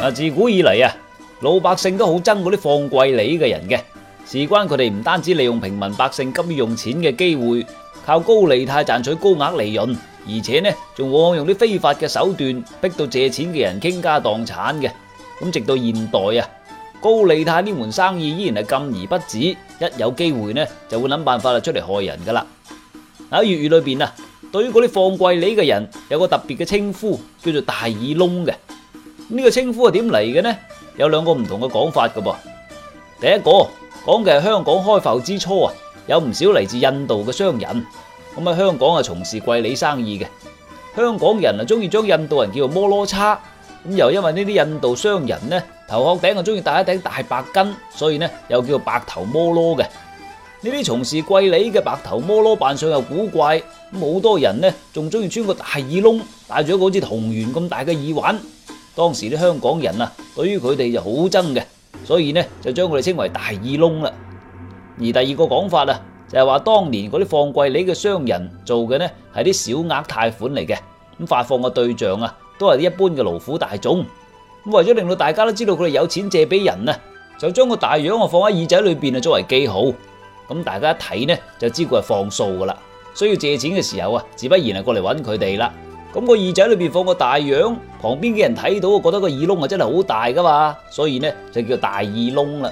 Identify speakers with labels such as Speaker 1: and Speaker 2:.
Speaker 1: 啊！自古以嚟啊，老百姓都好憎嗰啲放貴利嘅人嘅，事關佢哋唔單止利用平民百姓急於用錢嘅機會，靠高利貸賺取高額利潤，而且呢仲往往用啲非法嘅手段，逼到借錢嘅人傾家蕩產嘅。咁直到現代啊，高利貸呢門生意依然係禁而不止，一有機會呢就會諗辦法嚟出嚟害人噶啦。喺粵語裏邊啊，對於嗰啲放貴利嘅人有個特別嘅稱呼，叫做大耳窿嘅。呢個稱呼係點嚟嘅呢？有兩個唔同嘅講法嘅噃。第一個講嘅係香港開埠之初啊，有唔少嚟自印度嘅商人咁喺、嗯、香港啊，從事貴利生意嘅香港人啊，鍾意將印度人叫做摩羅叉。咁，又因為呢啲印度商人呢頭殼頂啊，鍾意戴一頂大白巾，所以呢又叫做白頭摩羅嘅。呢啲從事貴利嘅白頭摩羅扮相又古怪，咁、嗯、好多人呢仲鍾意穿個大耳窿，戴住一個好似銅圓咁大嘅耳環。當時啲香港人啊，對於佢哋就好憎嘅，所以呢就將佢哋稱為大耳窿啦。而第二個講法啊，就係話當年嗰啲放貴利嘅商人做嘅呢，係啲小額貸款嚟嘅，咁發放嘅對象啊，都係啲一般嘅勞苦大眾。咁為咗令到大家都知道佢哋有錢借俾人啊，就將個大洋啊放喺耳仔裏邊啊，作為記號。咁大家一睇呢，就知佢係放數噶啦。需要借錢嘅時候啊，自不然係過嚟揾佢哋啦。咁個耳仔裏邊放個大洋。旁邊嘅人睇到，覺得個耳窿啊真係好大㗎嘛，所以咧就叫大耳窿啦。